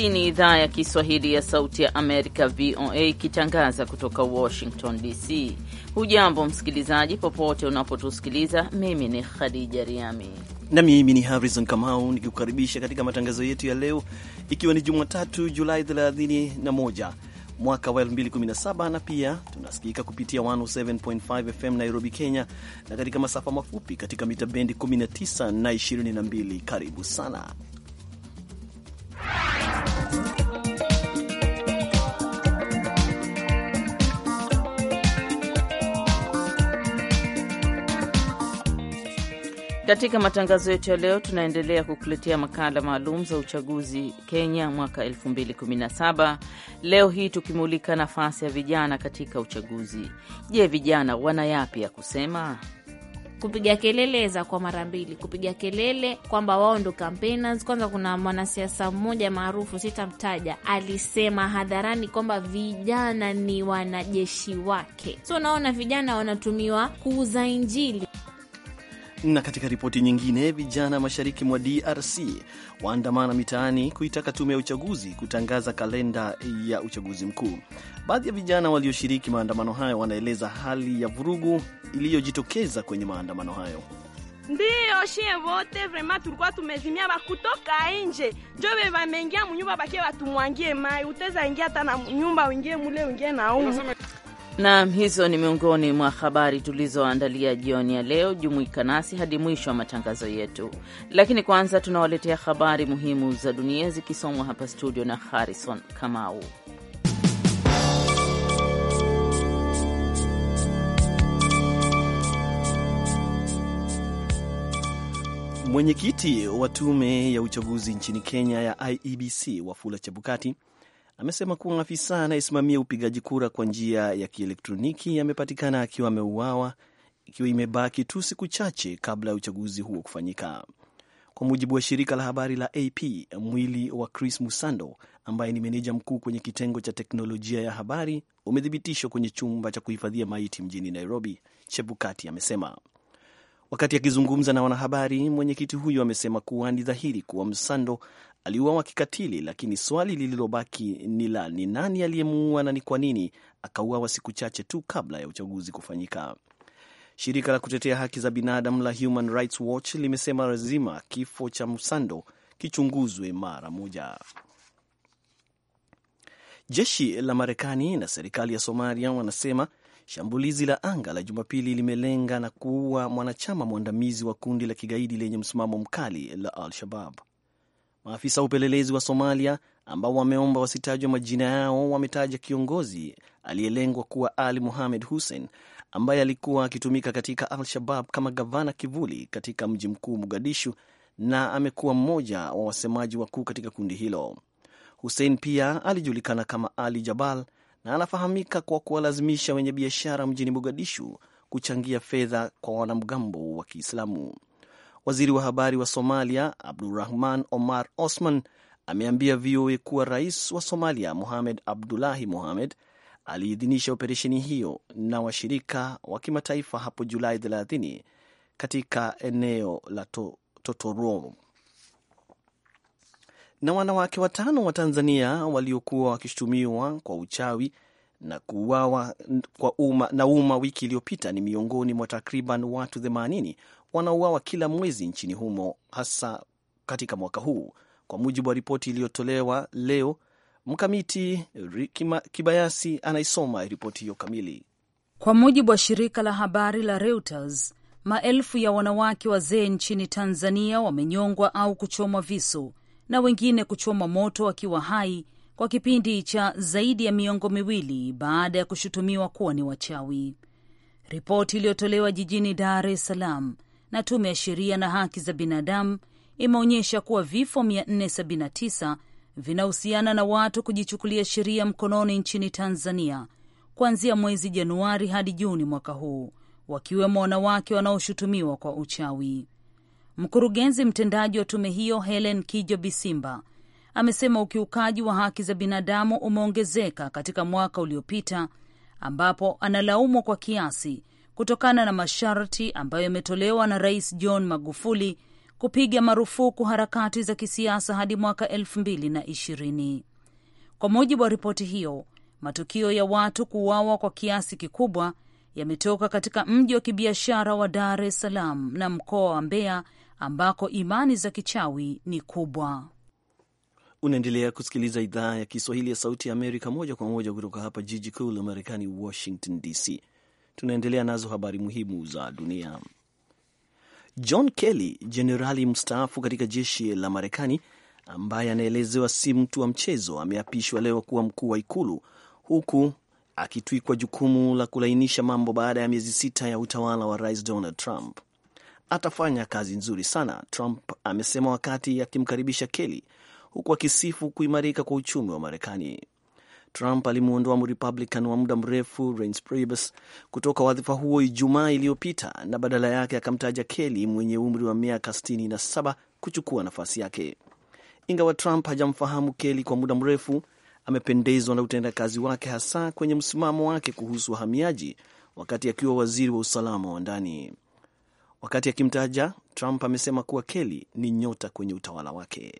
Hii ni idhaa ya Kiswahili ya Sauti ya Amerika, VOA, ikitangaza kutoka Washington DC. Hujambo msikilizaji, popote unapotusikiliza. Mimi ni Khadija Riami na mimi ni Harrison Kamau nikikukaribisha katika matangazo yetu ya leo, ikiwa ni Jumatatu Julai 31 mwaka wa 2017 na pia tunasikika kupitia 107.5 FM Nairobi, Kenya, na katika masafa mafupi katika mita bendi 19 na 22. Karibu sana katika matangazo yetu ya leo tunaendelea kukuletea makala maalum za uchaguzi Kenya mwaka 2017, leo hii tukimulika nafasi ya vijana katika uchaguzi. Je, vijana wana yapi ya kusema? kupiga kelele za kwa mara mbili, kupiga kelele kwamba wao ndo campaigners. Kwanza kuna mwanasiasa mmoja maarufu sitamtaja, alisema hadharani kwamba vijana ni wanajeshi wake. So unaona vijana wanatumiwa kuuza Injili. Na katika ripoti nyingine, vijana mashariki mwa DRC waandamana mitaani kuitaka tume ya uchaguzi kutangaza kalenda ya uchaguzi mkuu. Baadhi ya vijana walioshiriki maandamano hayo wanaeleza hali ya vurugu iliyojitokeza kwenye maandamano hayo. Ndiyo shie vote vrema tulikuwa tumezimia bakutoka inje jove vameingia munyumba bakie batumwangie mai uteza ingia hata na nyumba uingie mule uingie na umu Naam, hizo ni miongoni mwa habari tulizoandalia jioni ya leo. Jumuika nasi hadi mwisho wa matangazo yetu, lakini kwanza tunawaletea habari muhimu za dunia zikisomwa hapa studio na Harrison Kamau. Mwenyekiti wa tume ya uchaguzi nchini Kenya ya IEBC Wafula Chebukati amesema kuwa afisa anayesimamia upigaji kura kwa njia ya kielektroniki amepatikana akiwa ameuawa, ikiwa imebaki tu siku chache kabla ya uchaguzi huo kufanyika. Kwa mujibu wa shirika la habari la AP, mwili wa Chris Musando ambaye ni meneja mkuu kwenye kitengo cha teknolojia ya habari umethibitishwa kwenye chumba cha kuhifadhia maiti mjini Nairobi, Chebukati amesema. Wakati akizungumza na wanahabari, mwenyekiti huyo amesema kuwa ni dhahiri kuwa msando aliuawa kikatili, lakini swali lililobaki ni la ni nani aliyemuua na ni kwa nini akauawa siku chache tu kabla ya uchaguzi kufanyika. Shirika la kutetea haki za binadamu la Human Rights Watch limesema lazima kifo cha msando kichunguzwe mara moja. Jeshi la Marekani na serikali ya Somalia wanasema shambulizi la anga la Jumapili limelenga na kuua mwanachama mwandamizi wa kundi la kigaidi lenye msimamo mkali la Al Shabab. Maafisa wa upelelezi wa Somalia ambao wameomba wasitajwa majina yao wametaja kiongozi aliyelengwa kuwa Ali Muhamed Hussein ambaye alikuwa akitumika katika Al-Shabab kama gavana kivuli katika mji mkuu Mogadishu na amekuwa mmoja wa wasemaji wakuu katika kundi hilo. Hussein pia alijulikana kama Ali Jabal na anafahamika kwa kuwalazimisha wenye biashara mjini Mogadishu kuchangia fedha kwa wanamgambo wa Kiislamu. Waziri wa habari wa Somalia Abdurahman Omar Osman ameambia VOA kuwa rais wa Somalia Mohamed Abdullahi Mohamed aliidhinisha operesheni hiyo na washirika wa kimataifa hapo Julai 30 katika eneo la to, Totoro. Na wanawake watano wa Tanzania waliokuwa wakishutumiwa kwa uchawi na kuuawa na umma wiki iliyopita ni miongoni mwa takriban watu wanauawa kila mwezi nchini humo, hasa katika mwaka huu, kwa mujibu wa ripoti iliyotolewa leo. Mkamiti Kibayasi anaisoma ripoti hiyo kamili. Kwa mujibu wa shirika la habari la Reuters, maelfu ya wanawake wazee nchini Tanzania wamenyongwa au kuchomwa visu na wengine kuchomwa moto wakiwa hai kwa kipindi cha zaidi ya miongo miwili baada ya kushutumiwa kuwa ni wachawi. Ripoti iliyotolewa jijini Dar es Salaam na tume ya sheria na haki za binadamu imeonyesha kuwa vifo 479 vinahusiana na watu kujichukulia sheria mkononi nchini Tanzania kuanzia mwezi Januari hadi Juni mwaka huu, wakiwemo wanawake wanaoshutumiwa kwa uchawi. Mkurugenzi mtendaji wa tume hiyo Helen Kijo Bisimba amesema ukiukaji wa haki za binadamu umeongezeka katika mwaka uliopita, ambapo analaumwa kwa kiasi kutokana na masharti ambayo yametolewa na Rais John Magufuli kupiga marufuku harakati za kisiasa hadi mwaka elfu mbili na ishirini. Kwa mujibu wa ripoti hiyo, matukio ya watu kuuawa kwa kiasi kikubwa yametoka katika mji wa kibiashara wa Dar es Salaam na mkoa wa Mbeya ambako imani za kichawi ni kubwa. Unaendelea kusikiliza idhaa ya Kiswahili ya Sauti ya Amerika moja kwa moja kutoka hapa jiji kuu la Marekani, Washington DC. Tunaendelea nazo habari muhimu za dunia. John Kelly, jenerali mstaafu katika jeshi la Marekani ambaye anaelezewa si mtu wa mchezo, ameapishwa leo kuwa mkuu wa ikulu huku akitwikwa jukumu la kulainisha mambo baada ya miezi sita ya utawala wa Rais Donald Trump. Atafanya kazi nzuri sana, Trump amesema wakati akimkaribisha Kelly, huku akisifu kuimarika kwa uchumi wa Marekani. Trump alimwondoa mrepublican wa muda mrefu Reince Priebus kutoka wadhifa huo Ijumaa iliyopita na badala yake akamtaja Kelly mwenye umri wa miaka 67 kuchukua nafasi yake. Ingawa Trump hajamfahamu Kelly kwa muda mrefu, amependezwa na utendakazi wake, hasa kwenye msimamo wake kuhusu wahamiaji wakati akiwa waziri wa usalama wa ndani. Wakati akimtaja Trump amesema kuwa Kelly ni nyota kwenye utawala wake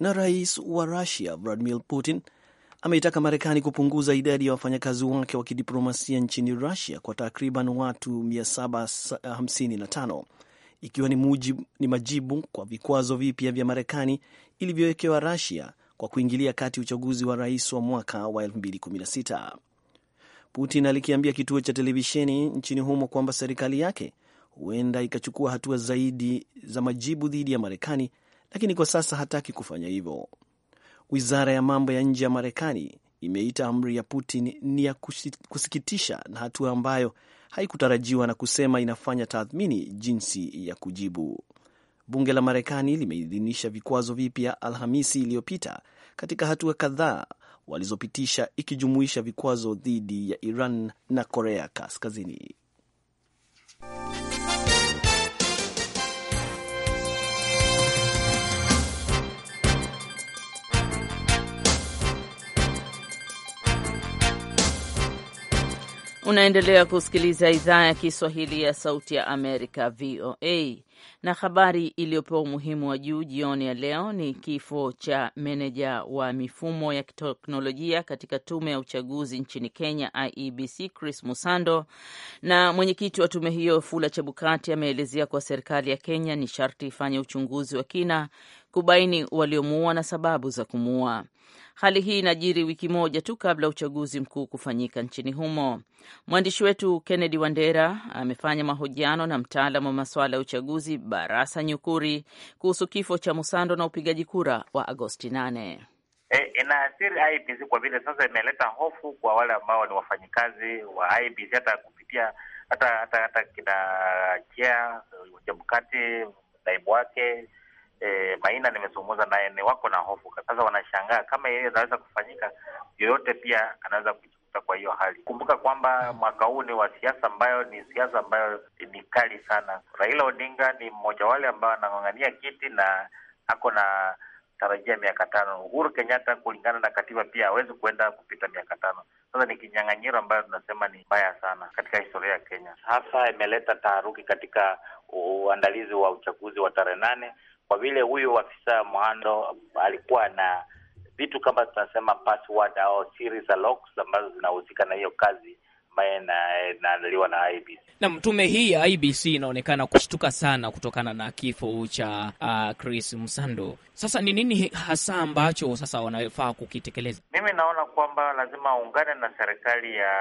na rais wa Rusia Vladimir Putin ameitaka Marekani kupunguza idadi ya wafanyakazi wake wa kidiplomasia nchini Rusia kwa takriban watu 755 ikiwa ni, mujibu, ni majibu kwa vikwazo vipya vya Marekani ilivyowekewa Rusia kwa kuingilia kati uchaguzi wa rais wa mwaka wa 2016. Putin alikiambia kituo cha televisheni nchini humo kwamba serikali yake huenda ikachukua hatua zaidi za majibu dhidi ya Marekani lakini kwa sasa hataki kufanya hivyo. Wizara ya mambo ya nje ya Marekani imeita amri ya Putin ni ya kusikitisha na hatua ambayo haikutarajiwa na kusema inafanya tathmini jinsi ya kujibu. Bunge la Marekani limeidhinisha vikwazo vipya Alhamisi iliyopita katika hatua kadhaa walizopitisha ikijumuisha vikwazo dhidi ya Iran na Korea Kaskazini. Unaendelea kusikiliza idhaa ya Kiswahili ya Sauti ya Amerika, VOA. Na habari iliyopewa umuhimu wa juu jioni ya leo ni kifo cha meneja wa mifumo ya teknolojia katika tume ya uchaguzi nchini Kenya, IEBC, Chris Musando. Na mwenyekiti wa tume hiyo Fula Chebukati ameelezea kuwa serikali ya Kenya ni sharti ifanye uchunguzi wa kina kubaini waliomuua na sababu za kumuua. Hali hii inajiri wiki moja tu kabla uchaguzi mkuu kufanyika nchini humo. Mwandishi wetu Kennedy Wandera amefanya mahojiano na mtaalamu wa masuala ya uchaguzi Barasa Nyukuri kuhusu kifo cha Musando na upigaji kura wa Agosti nane. E, inaathiri IBC kwa vile sasa imeleta hofu kwa wale ambao ni wafanyikazi wa IBC hata kupitia hata hata hata kina Chia Chebukati naibu wake e, eh, Maina nimezungumza naye, ni wako na hofu sasa, wanashangaa kama yeye anaweza kufanyika, yoyote pia anaweza kujikuta kwa hiyo hali. Kumbuka kwamba mm. mwaka huu ni wa siasa ambayo ni siasa ambayo ni kali sana. Raila Odinga ni mmoja wale ambao anang'ang'ania kiti na ako na tarajia miaka tano. Uhuru Kenyatta kulingana na katiba pia hawezi kuenda kupita miaka tano. Sasa ni kinyang'anyiro ambayo tunasema ni mbaya sana katika historia ya Kenya, hasa imeleta taharuki katika uandalizi wa uchaguzi wa tarehe nane kwa vile huyu afisa mwando alikuwa na vitu kama tunasema password au siri za locks ambazo zinahusika na hiyo kazi ambayo inaandaliwa na IBC. Na tume hii ya IBC inaonekana kushtuka sana kutokana na kifo cha uh, Chris Msando. Sasa ni nini hasa ambacho sasa wanafaa kukitekeleza? Mimi naona kwamba lazima aungane na serikali ya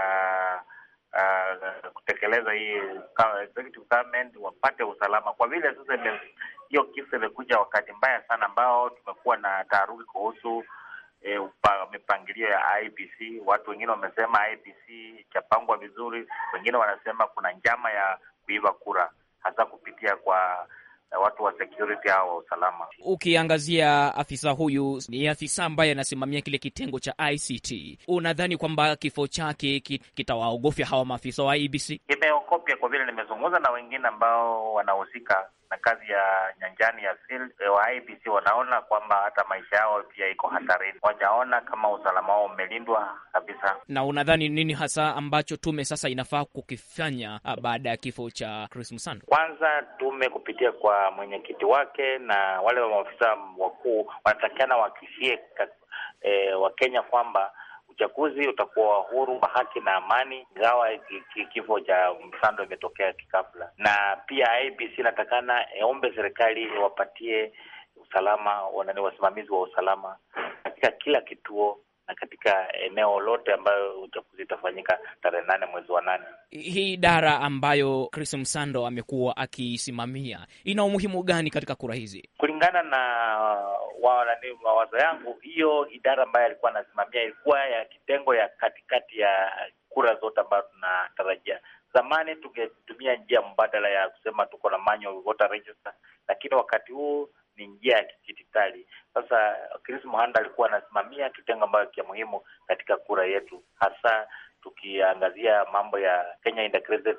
kutekeleza hii executive government wapate usalama, kwa vile sasa hiyo kisa imekuja wakati mbaya sana ambao tumekuwa na taharuki kuhusu E, upa, mipangilio ya IPC. Watu wengine wamesema IPC ichapangwa vizuri, wengine wanasema kuna njama ya kuiba kura, hasa kupitia kwa watu wa security au wa usalama. Ukiangazia afisa huyu, ni afisa ambaye anasimamia kile kitengo cha ICT, unadhani kwamba kifo chake kitawaogofya hawa maafisa wa IBC? Kimeogopya kwa vile nimezungumza na wengine ambao wanahusika na kazi ya nyanjani ya field eh, wa IBC wanaona kwamba hata maisha yao pia iko hatarini, wajaona kama usalama wao umelindwa kabisa. Na unadhani nini hasa ambacho tume sasa inafaa kukifanya ah, baada ya kifo cha Chris Kwanza tume kupitia kwa mwenyekiti wake na wale wa maafisa wakuu wanatakikana wakishie eh, Wakenya kwamba uchaguzi utakuwa wa huru wa haki na amani, ingawa kifo cha Msando imetokea kikafla. Na pia IBC inatakana ombe serikali wapatie usalama wanani, wasimamizi wa usalama katika kila kituo na katika eneo lote ambayo uchaguzi utafanyika tarehe nane mwezi wa nane. Hii idara ambayo Chris Msando amekuwa akiisimamia ina umuhimu gani katika kura hizi? Kulingana na nani, mawazo yangu, hiyo idara ambayo alikuwa anasimamia ilikuwa ya kitengo ya katikati ya kura zote ambazo tunatarajia. Zamani tungetumia njia mbadala ya kusema tuko na manual voter register, lakini wakati huu ni njia ya kidijitali. Sasa Chris Muhanda alikuwa anasimamia kitengo ambayo kia muhimu katika kura yetu, hasa tukiangazia mambo ya Kenya Integrated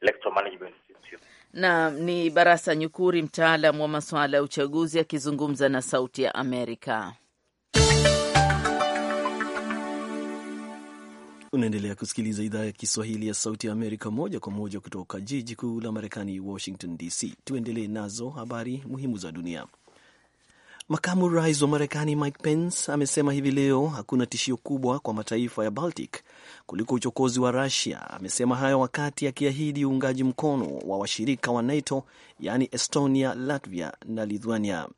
Electoral Management System na ni Barasa Nyukuri, mtaalam wa masuala ya uchaguzi, akizungumza na Sauti ya Amerika. Unaendelea kusikiliza idhaa ya Kiswahili ya Sauti ya Amerika moja kwa moja kutoka jiji kuu la Marekani, Washington DC. Tuendelee nazo habari muhimu za dunia. Makamu rais wa Marekani Mike Pence amesema hivi leo hakuna tishio kubwa kwa mataifa ya Baltic kuliko uchokozi wa Rusia. Amesema hayo wakati akiahidi uungaji mkono wa washirika wa NATO yaani Estonia, Latvia na Lithuania.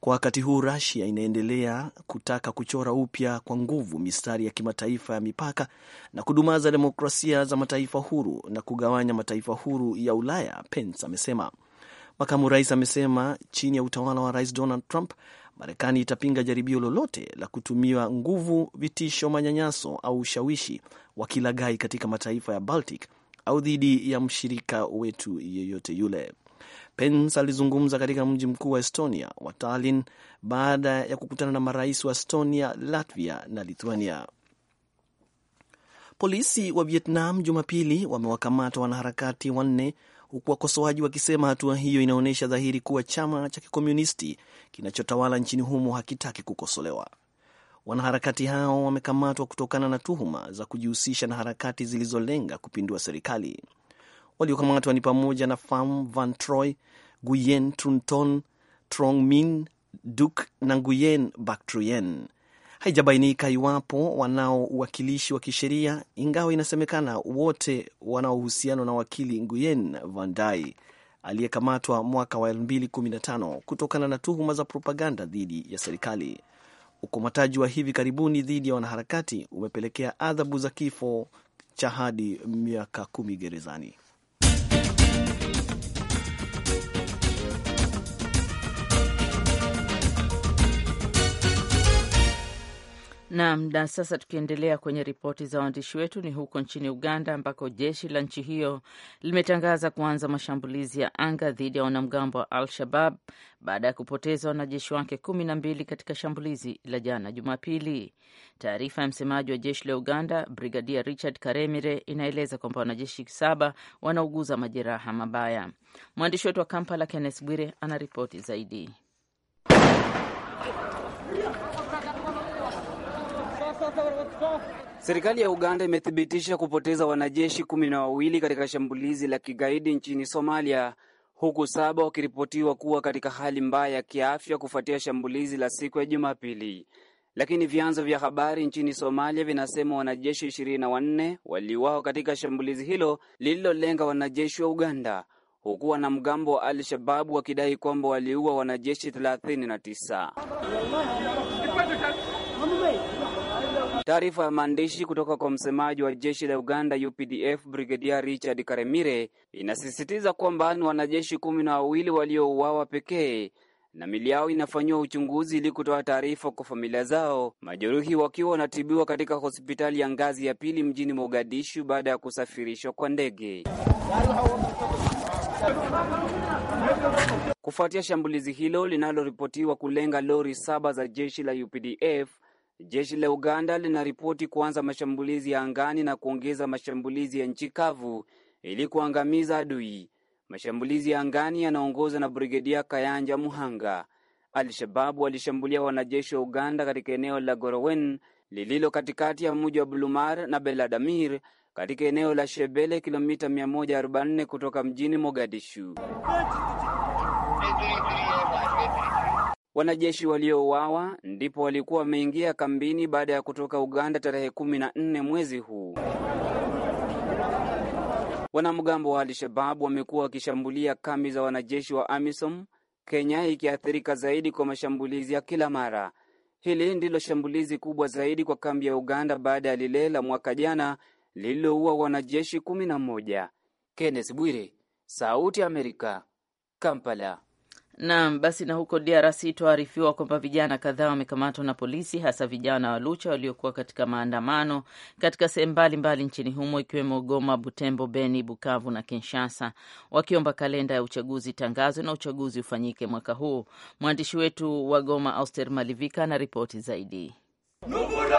Kwa wakati huu Rusia inaendelea kutaka kuchora upya kwa nguvu mistari ya kimataifa ya mipaka na kudumaza demokrasia za mataifa huru na kugawanya mataifa huru ya Ulaya, Pence amesema. Makamu rais amesema chini ya utawala wa Rais Donald Trump, Marekani itapinga jaribio lolote la kutumia nguvu, vitisho, manyanyaso au ushawishi wa gai katika mataifa ya Baltic au dhidi ya mshirika wetu yeyote yule. Pence alizungumza katika mji mkuu wa Estonia wa Tallinn baada ya kukutana na marais wa Estonia, Latvia na Lithuania. Polisi wa Vietnam Jumapili wamewakamata wanaharakati wanne huku wakosoaji wakisema hatua hiyo inaonyesha dhahiri kuwa chama cha kikomunisti kinachotawala nchini humo hakitaki kukosolewa. Wanaharakati hao wamekamatwa kutokana na tuhuma za kujihusisha na harakati zilizolenga kupindua serikali. Waliokamatwa ni pamoja na Pham Van Troy, Nguyen trunton Ton, Trong Min Duk na Nguyen baktruyen Truyen. Haijabainika iwapo wanao uwakilishi wa kisheria, ingawa inasemekana wote wanao uhusiano na wakili Nguyen Van Dai aliyekamatwa mwaka wa 2015 kutokana na tuhuma za propaganda dhidi ya serikali. Ukamataji wa hivi karibuni dhidi ya wanaharakati umepelekea adhabu za kifo cha hadi miaka kumi gerezani. Naam, na sasa tukiendelea kwenye ripoti za waandishi wetu ni huko nchini Uganda ambako jeshi la nchi hiyo limetangaza kuanza mashambulizi ya anga dhidi ya wanamgambo wa Al-Shabab baada ya kupoteza wanajeshi wake kumi na mbili katika shambulizi la jana Jumapili. Taarifa ya msemaji wa jeshi la Uganda Brigadia Richard Karemire inaeleza kwamba wanajeshi saba wanauguza majeraha mabaya. Mwandishi wetu wa Kampala kennes Bwire ana ripoti zaidi. Serikali ya Uganda imethibitisha kupoteza wanajeshi kumi na wawili katika shambulizi la kigaidi nchini Somalia, huku saba wakiripotiwa kuwa katika hali mbaya ya kiafya kufuatia shambulizi la siku ya Jumapili. Lakini vyanzo vya habari nchini Somalia vinasema wanajeshi 24 waliuawa katika shambulizi hilo lililolenga wanajeshi wa Uganda, huku wanamgambo wa Al-Shababu wakidai kwamba waliua wanajeshi 39. Taarifa ya maandishi kutoka kwa msemaji wa jeshi la Uganda UPDF Brigedia Richard Karemire inasisitiza kwamba ni wanajeshi kumi na wawili waliouawa pekee na mili yao inafanyiwa uchunguzi ili kutoa taarifa kwa familia zao, majeruhi wakiwa wanatibiwa katika hospitali ya ngazi ya pili mjini Mogadishu baada ya kusafirishwa kwa ndege. Kufuatia shambulizi hilo linaloripotiwa kulenga lori saba za jeshi la UPDF Jeshi la Uganda linaripoti kuanza mashambulizi ya angani na kuongeza mashambulizi ya nchi kavu ili kuangamiza adui. Mashambulizi ya angani yanaongozwa na Brigedia Kayanja Muhanga. Al-Shababu walishambulia wanajeshi wa Uganda katika eneo la Gorowen lililo katikati ya mji wa blumar na Beladamir katika eneo la Shebele, kilomita 144 kutoka mjini Mogadishu. Wanajeshi waliouawa ndipo walikuwa wameingia kambini baada ya kutoka Uganda tarehe kumi na nne mwezi huu. Wanamgambo wa Al-Shabab wamekuwa wakishambulia kambi za wanajeshi wa AMISOM, Kenya ikiathirika zaidi kwa mashambulizi ya kila mara. Hili ndilo shambulizi kubwa zaidi kwa kambi ya Uganda baada ya lile la mwaka jana lililoua wanajeshi kumi na moja. Kenneth Bwire, Sauti ya Amerika, Kampala. Naam, basi na huko DRC tuarifiwa kwamba vijana kadhaa wamekamatwa na polisi, hasa vijana wa Lucha waliokuwa katika maandamano katika sehemu mbalimbali nchini humo ikiwemo Goma, Butembo, Beni, Bukavu na Kinshasa, wakiomba kalenda ya uchaguzi tangazwe na uchaguzi ufanyike mwaka huu. Mwandishi wetu wa Goma, Auster Malivika, ana ripoti zaidi. Nufulone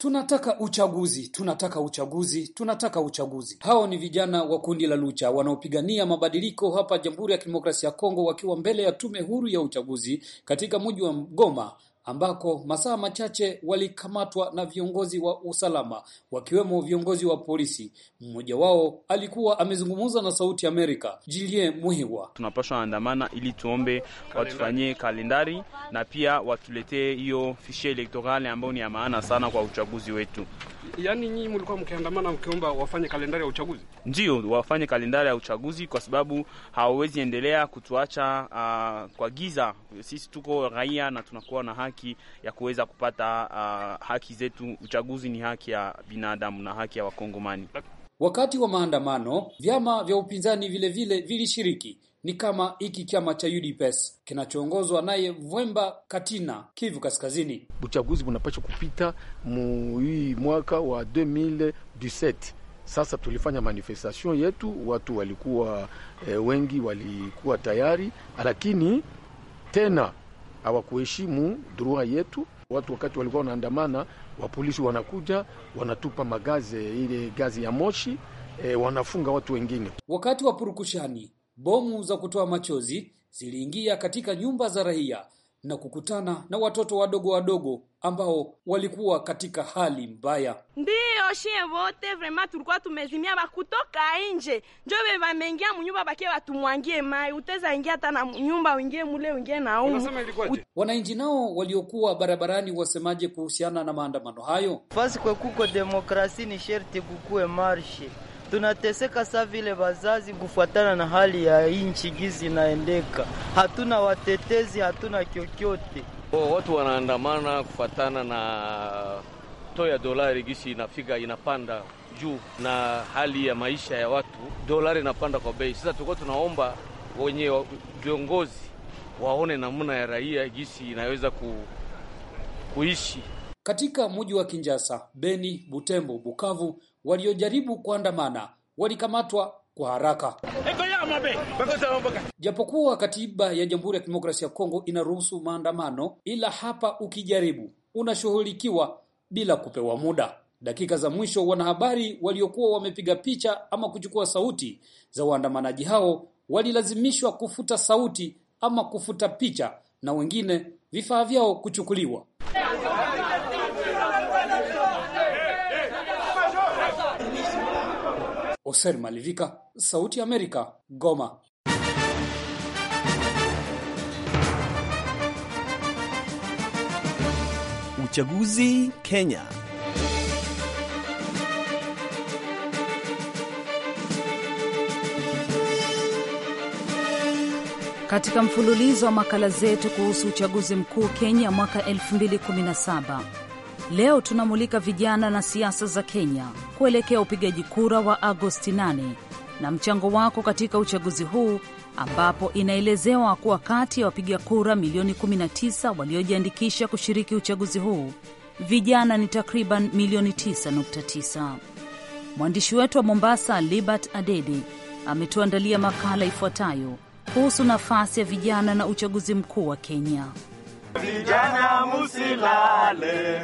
Tunataka uchaguzi, tunataka uchaguzi, tunataka uchaguzi. Hao ni vijana wa kundi la Lucha wanaopigania mabadiliko hapa Jamhuri ya Kidemokrasia ya Kongo, wakiwa mbele ya tume huru ya uchaguzi katika mji wa Goma ambako masaa machache walikamatwa na viongozi wa usalama wakiwemo viongozi wa polisi. Mmoja wao alikuwa amezungumza na Sauti Amerika, Jilie Muhiwa. tunapaswa andamana ili tuombe watufanyie kalendari na pia watuletee hiyo fishie elektorale ambayo ni ya maana sana kwa uchaguzi wetu. Yaani nyinyi mlikuwa mkiandamana mkiomba wafanye kalendari ya uchaguzi? Ndio, wafanye kalendari ya uchaguzi kwa sababu hawawezi endelea kutuacha uh, kwa giza. Sisi tuko raia na tunakuwa na haki ya kuweza kupata uh, haki zetu. Uchaguzi ni haki ya binadamu na haki ya Wakongomani. Wakati wa maandamano, vyama vya upinzani vile vile vilishiriki ni kama hiki chama cha UDPS kinachoongozwa naye Vwemba Katina, Kivu Kaskazini. Uchaguzi unapaswa kupita muhii mwaka wa 2017. Sasa tulifanya manifestation yetu, watu walikuwa e, wengi walikuwa tayari, lakini tena hawakuheshimu droit yetu Watu wakati walikuwa wanaandamana, wapolisi wanakuja wanatupa magaze, ile gazi ya moshi e, wanafunga watu wengine. Wakati wa purukushani, bomu za kutoa machozi ziliingia katika nyumba za raia na kukutana na watoto wadogo wadogo ambao walikuwa katika hali mbaya. Ndiyo shie wote vrema tulikuwa tumezimia bakutoka nje njo ve vameingia munyumba bake watumwangie mai uteza ingia hata na nyumba uingie mule uingie na u Wananchi nao waliokuwa barabarani wasemaje kuhusiana na maandamano hayo? Fasi kwa kuko demokrasi ni sherti kukue marshe tunateseka saa vile wazazi, kufuatana na hali ya nchi gizi inaendeka. Hatuna watetezi, hatuna kyokyote. Watu wanaandamana kufuatana na to ya dolari gisi inafika inapanda juu na hali ya maisha ya watu, dolari inapanda kwa bei. Sasa tulikuwa tunaomba wenye viongozi waone namna ya raia gisi inaweza ku, kuishi katika mji wa kinjasa Beni, Butembo, Bukavu waliojaribu kuandamana walikamatwa kwa haraka. Japokuwa katiba ya Jamhuri ya Kidemokrasia ya Kongo inaruhusu maandamano, ila hapa ukijaribu unashughulikiwa bila kupewa muda. Dakika za mwisho, wanahabari waliokuwa wamepiga picha ama kuchukua sauti za waandamanaji hao walilazimishwa kufuta sauti ama kufuta picha na wengine vifaa vyao kuchukuliwa. Oser Malivika, Sauti Amerika, Goma. Uchaguzi Kenya. Katika mfululizo wa makala zetu kuhusu uchaguzi mkuu Kenya mwaka 2017 Leo tunamulika vijana na siasa za Kenya kuelekea upigaji kura wa Agosti 8 na mchango wako katika uchaguzi huu ambapo inaelezewa kuwa kati ya wapiga kura milioni 19 waliojiandikisha kushiriki uchaguzi huu vijana ni takriban milioni 9.9. Mwandishi wetu wa Mombasa, Libert Adede, ametuandalia makala ifuatayo kuhusu nafasi ya vijana na uchaguzi mkuu wa Kenya. Vijana musilale,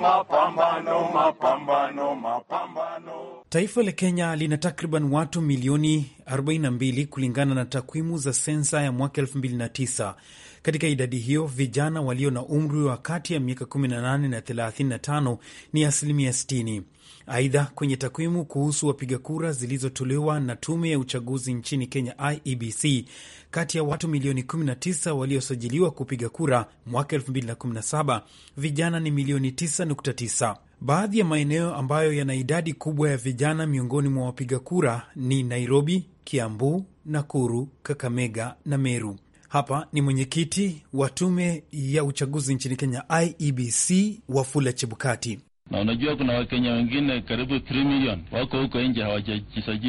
mapambano, mapambano, mapambano. Taifa la Kenya lina takriban watu milioni 42 kulingana na takwimu za sensa ya mwaka 2009. Katika idadi hiyo, vijana walio na umri wa kati ya miaka 18 na 35 ni asilimia 60. Aidha, kwenye takwimu kuhusu wapiga kura zilizotolewa na tume ya uchaguzi nchini Kenya, IEBC, kati ya watu milioni 19 waliosajiliwa kupiga kura mwaka 2017 vijana ni milioni 9.9. Baadhi ya maeneo ambayo yana idadi kubwa ya vijana miongoni mwa wapiga kura ni Nairobi, Kiambu, Nakuru, Kakamega na Meru hapa ni mwenyekiti wa tume ya uchaguzi nchini Kenya, IEBC, Wafula Chebukati. Na unajua kuna Wakenya wengine karibu 3 milioni wako huko nje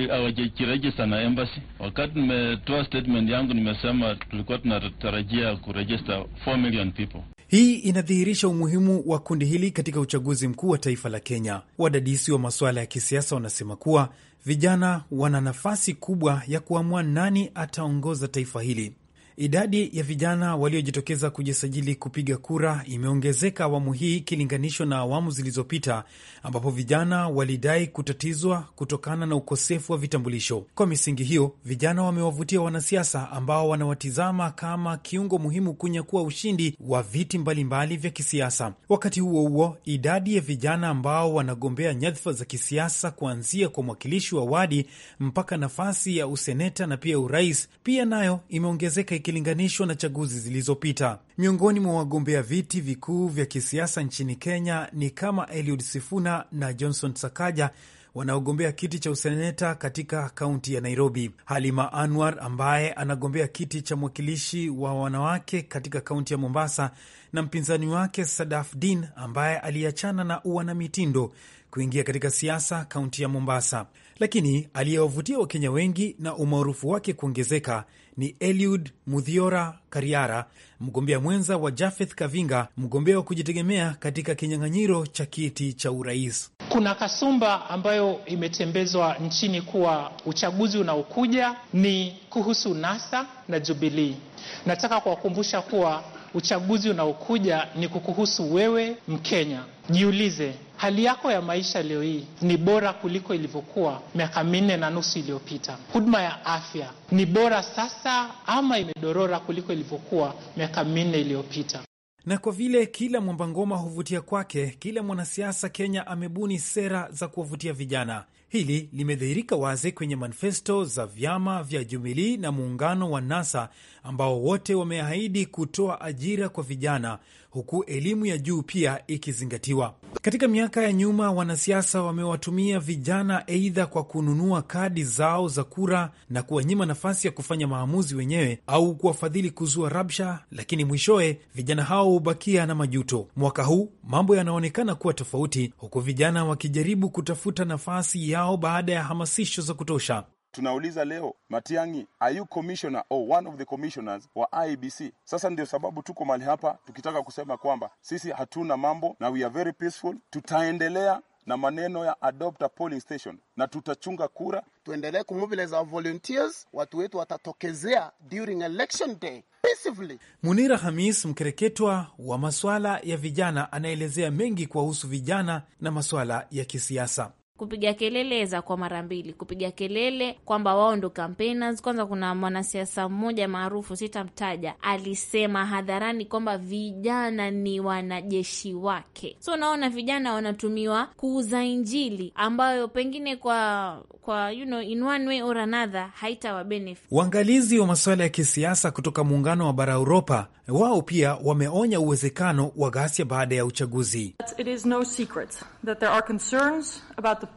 hawajajirejista na embassy. Wakati nimetoa statement yangu, nimesema tulikuwa tunatarajia kurejista 4 million people. Hii inadhihirisha umuhimu wa kundi hili katika uchaguzi mkuu wa taifa la Kenya. Wadadisi wa masuala ya kisiasa wanasema kuwa vijana wana nafasi kubwa ya kuamua nani ataongoza taifa hili. Idadi ya vijana waliojitokeza kujisajili kupiga kura imeongezeka awamu hii ikilinganishwa na awamu zilizopita, ambapo vijana walidai kutatizwa kutokana na ukosefu wa vitambulisho. Kwa misingi hiyo, vijana wamewavutia wanasiasa ambao wanawatizama kama kiungo muhimu kunyakua ushindi wa viti mbalimbali vya kisiasa. Wakati huo huo, idadi ya vijana ambao wanagombea nyadhifa za kisiasa kuanzia kwa mwakilishi wa wadi mpaka nafasi ya useneta na pia urais pia nayo imeongezeka ikilinganishwa na chaguzi zilizopita. Miongoni mwa wagombea viti vikuu vya kisiasa nchini Kenya ni kama Eliud Sifuna na Johnson Sakaja wanaogombea kiti cha useneta katika kaunti ya Nairobi. Halima Anwar ambaye anagombea kiti cha mwakilishi wa wanawake katika kaunti ya Mombasa, na mpinzani wake Sadaf Din ambaye aliachana na uwanamitindo kuingia katika siasa kaunti ya Mombasa. Lakini aliyewavutia Wakenya wengi na umaarufu wake kuongezeka ni Eliud Mudhiora Kariara, mgombea mwenza wa Jafeth Kavinga, mgombea wa kujitegemea katika kinyang'anyiro cha kiti cha urais. Kuna kasumba ambayo imetembezwa nchini kuwa uchaguzi unaokuja ni kuhusu NASA na Jubilii. Nataka kuwakumbusha kuwa uchaguzi unaokuja ni kukuhusu wewe Mkenya. Jiulize, hali yako ya maisha leo hii ni bora kuliko ilivyokuwa miaka minne na nusu iliyopita. Huduma ya afya ni bora sasa ama imedorora kuliko ilivyokuwa miaka minne iliyopita. Na kwa vile kila mwamba ngoma huvutia kwake, kila mwanasiasa Kenya amebuni sera za kuwavutia vijana. Hili limedhihirika wazi kwenye manifesto za vyama vya Jumilii na muungano wa NASA ambao wote wameahidi kutoa ajira kwa vijana huku elimu ya juu pia ikizingatiwa. Katika miaka ya nyuma, wanasiasa wamewatumia vijana aidha kwa kununua kadi zao za kura na kuwanyima nafasi ya kufanya maamuzi wenyewe au kuwafadhili kuzua rabsha, lakini mwishowe vijana hao hubakia na majuto. Mwaka huu mambo yanaonekana kuwa tofauti, huku vijana wakijaribu kutafuta nafasi yao baada ya hamasisho za kutosha. Tunauliza leo Matiangi, are you commissioner or one of the commissioners wa IBC? E Sasa ndio sababu tuko mahali hapa tukitaka kusema kwamba sisi hatuna mambo na we are very peaceful. Tutaendelea na maneno ya adopt a polling station na tutachunga kura, tuendelee kumobilize volunteers, watu wetu watatokezea during election day peacefully. Munira Hamis, mkereketwa wa maswala ya vijana, anaelezea mengi husu vijana na maswala ya kisiasa kupiga kelele za kwa mara mbili, kupiga kelele kwamba wao ndo campaigners. Kwanza kuna mwanasiasa mmoja maarufu sitamtaja, alisema hadharani kwamba vijana ni wanajeshi wake. So unaona vijana wanatumiwa kuuza injili ambayo pengine kwa kwa you know, in one way or another haitawa benefit. Waangalizi wa masuala ya kisiasa kutoka muungano wa bara Uropa wao pia wameonya uwezekano wa ghasia baada ya uchaguzi. It is no secret that there are concerns about the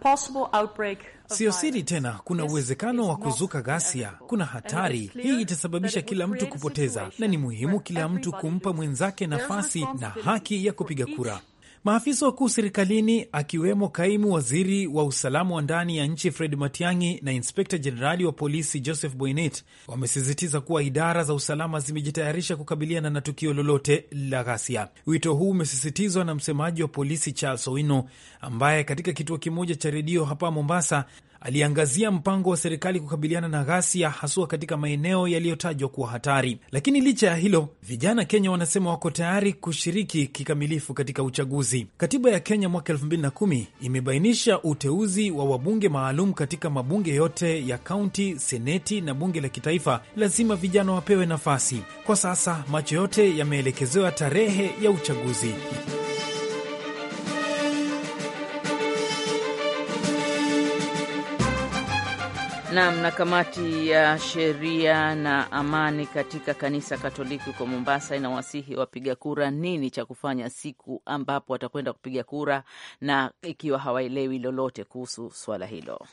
Sio siri tena, kuna uwezekano wa kuzuka ghasia, kuna hatari hii. Itasababisha kila mtu kupoteza, na ni muhimu kila mtu kumpa mwenzake nafasi na haki ya kupiga kura. Maafisa wakuu serikalini akiwemo kaimu waziri wa usalama wa ndani ya nchi Fred Matiang'i na inspekta jenerali wa polisi Joseph Boinnet wamesisitiza kuwa idara za usalama zimejitayarisha kukabiliana na tukio lolote la ghasia. Wito huu umesisitizwa na msemaji wa polisi Charles Owino ambaye katika kituo kimoja cha redio hapa Mombasa aliangazia mpango wa serikali kukabiliana na ghasia haswa katika maeneo yaliyotajwa kuwa hatari. Lakini licha ya hilo, vijana Kenya wanasema wako tayari kushiriki kikamilifu katika uchaguzi. Katiba ya Kenya mwaka 2010 imebainisha uteuzi wa wabunge maalum katika mabunge yote ya kaunti, seneti na bunge la kitaifa, lazima vijana wapewe nafasi. Kwa sasa macho yote yameelekezewa tarehe ya uchaguzi. Nam na kamati ya sheria na amani katika kanisa Katoliki huko Mombasa inawasihi wapiga kura nini cha kufanya siku ambapo watakwenda kupiga kura, na ikiwa hawaelewi lolote kuhusu swala hilo.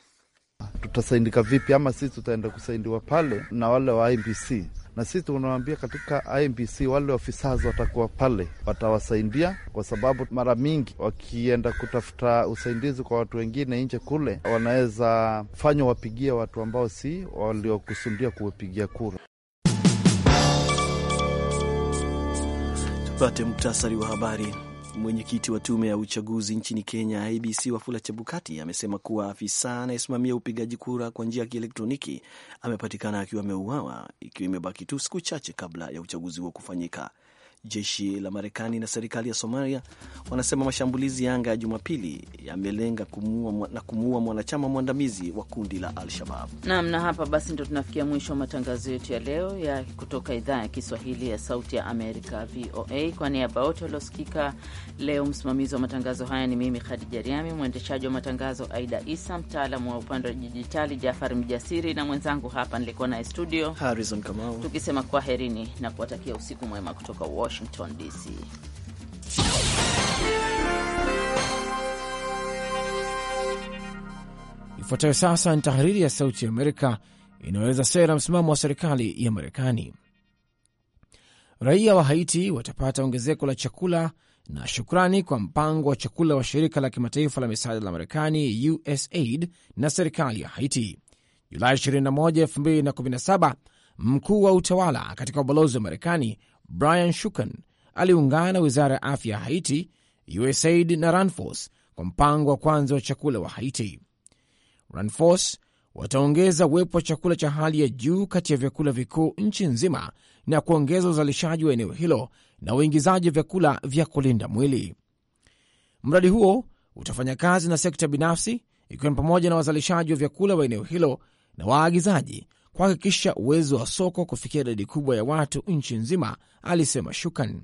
Tutasaindika vipi? Ama sisi tutaenda kusaindiwa pale na wale wa IBC na sisi tunawaambia katika IMBC wale ofisas watakuwa pale, watawasaidia kwa sababu mara mingi wakienda kutafuta usaidizi kwa watu wengine nje kule, wanaweza fanywa wapigia watu ambao si waliokusudia kuwapigia kura. Tupate muktasari wa habari. Mwenyekiti wa tume ya uchaguzi nchini Kenya, IBC, Wafula Chebukati amesema kuwa afisa anayesimamia upigaji kura kwa njia ya kielektroniki amepatikana akiwa ameuawa, ikiwa imebaki tu siku chache kabla ya uchaguzi huo kufanyika. Jeshi la Marekani na serikali ya Somalia wanasema mashambulizi ya anga ya Jumapili yamelenga na kumuua mwanachama mwandamizi wa kundi la Al-Shabab. Naam, na hapa basi ndo tunafikia mwisho wa matangazo yetu ya leo ya kutoka idhaa ya Kiswahili ya Sauti ya Amerika, VOA. Kwa niaba wote waliosikika leo, msimamizi wa matangazo haya ni mimi Khadija Riami, mwendeshaji wa matangazo Aida Isa, mtaalamu wa upande wa dijitali Jafar Mjasiri na mwenzangu hapa nilikuwa naye studio Harrison Kamau, tukisema kwaherini na kuwatakia usiku mwema kutoka Washington DC. Ifuatayo sasa ni tahariri ya Sauti ya Amerika inayoweza sera msimamo wa serikali ya Marekani. Raia wa Haiti watapata ongezeko la chakula na shukrani kwa mpango wa chakula wa shirika la kimataifa la misaada la Marekani, USAID, na serikali ya Haiti. Julai 21, 2017, mkuu wa utawala katika ubalozi wa Marekani Brian Shukan aliungana na wizara ya afya ya Haiti, USAID na RANFOS kwa mpango wa kwanza wa chakula wa Haiti. RANFOS wataongeza uwepo wa chakula cha hali ya juu kati ya vyakula vikuu nchi nzima na kuongeza uzalishaji wa eneo hilo na uingizaji wa vyakula vya kulinda mwili. Mradi huo utafanya kazi na sekta binafsi, ikiwa ni pamoja na wazalishaji wa vyakula wa eneo hilo na waagizaji kuhakikisha uwezo wa soko kufikia idadi kubwa ya watu nchi nzima, alisema Shukan.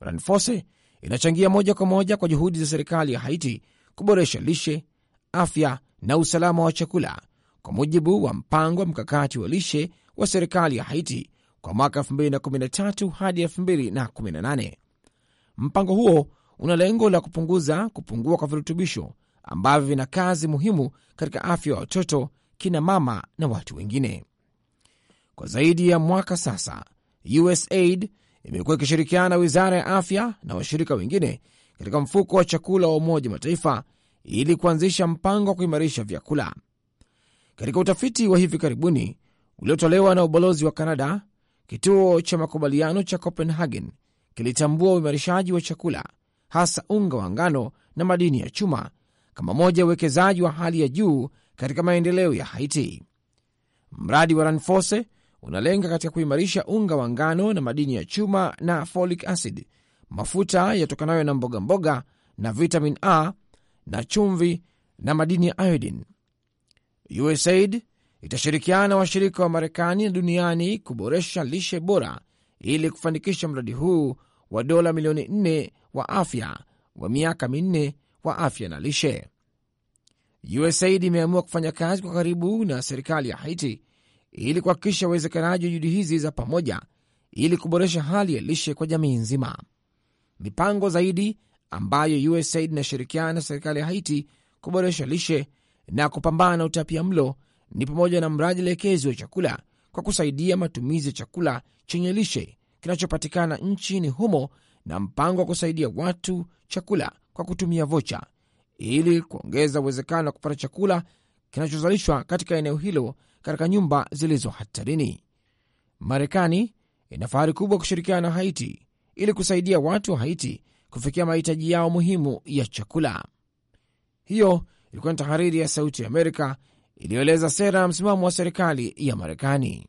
Ranfose inachangia moja kwa moja kwa juhudi za serikali ya Haiti kuboresha lishe, afya na usalama wa chakula kwa mujibu wa mpango wa mkakati wa lishe wa serikali ya Haiti kwa mwaka 2013 hadi 2018. Mpango huo una lengo la kupunguza kupungua kwa virutubisho ambavyo vina kazi muhimu katika afya ya watoto kina mama na watu wengine. Kwa zaidi ya mwaka sasa, USAID imekuwa ikishirikiana na wizara ya afya na washirika wengine katika mfuko wa chakula wa Umoja Mataifa ili kuanzisha mpango wa kuimarisha vyakula. Katika utafiti wa hivi karibuni uliotolewa na ubalozi wa Kanada, kituo cha makubaliano cha Copenhagen kilitambua uimarishaji wa chakula, hasa unga wa ngano na madini ya chuma, kama moja ya uwekezaji wa hali ya juu katika maendeleo ya Haiti. Mradi wa Ranfose unalenga katika kuimarisha unga wa ngano na madini ya chuma na folic acid, mafuta yatokanayo na mbogamboga mboga, na vitamin A na chumvi na madini ya iodine. USAID itashirikiana na washirika wa Marekani na duniani kuboresha lishe bora ili kufanikisha mradi huu wa dola milioni 4 wa afya wa miaka minne wa afya na lishe. USAID imeamua kufanya kazi kwa karibu na serikali ya Haiti ili kuhakikisha uwezekanaji wa juhudi hizi za pamoja ili kuboresha hali ya lishe kwa jamii nzima. Mipango zaidi ambayo USAID inashirikiana na serikali ya Haiti kuboresha lishe na kupambana na utapia mlo ni pamoja na mradi elekezi wa chakula kwa kusaidia matumizi ya chakula chenye lishe kinachopatikana nchini humo na mpango wa kusaidia watu chakula kwa kutumia vocha ili kuongeza uwezekano wa kupata chakula kinachozalishwa katika eneo hilo katika nyumba zilizo hatarini. Marekani ina fahari kubwa kushirikiana na Haiti ili kusaidia watu wa Haiti kufikia mahitaji yao muhimu ya chakula. Hiyo ilikuwa ni tahariri ya Sauti ya Amerika iliyoeleza sera ya msimamo wa serikali ya Marekani.